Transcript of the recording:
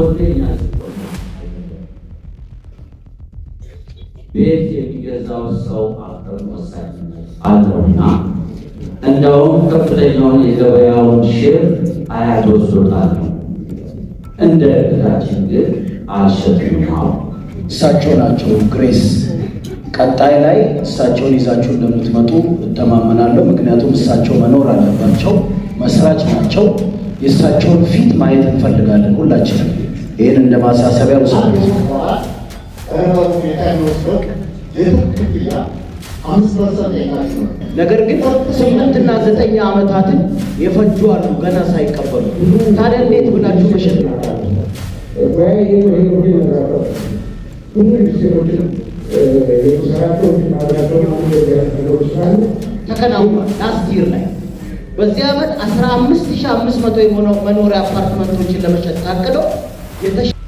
ጎደኛ ቤት የሚገዛው ሰው አቅም ወሳኝነት አለውና እንደውም ከፍተኛውን የገበያውን ሽር አያት ወስዶታል። እንደ እህታችን ግን አልሸጥነው። እሳቸው ናቸው ግሬስ። ቀጣይ ላይ እሳቸውን ይዛችሁ እንደምትመጡ እተማመናለሁ። ምክንያቱም እሳቸው መኖር አለባቸው፣ መስራች ናቸው። የእሳቸውን ፊት ማየት እንፈልጋለን ሁላችንም። ይህን እንደ ማሳሰቢያ ውሰ ነገር ግን ስምንትና ዘጠኝ ዓመታትን የፈጁ አሉ ገና ሳይቀበሉ። ታዲያ እንዴት ብላችሁ መሸጥ ተከናውኗል ላስት ይር ላይ በዚህ ዓመት 15500 የሆነው መኖሪያ አፓርትመንቶችን ለመሸጥ ታቅዶ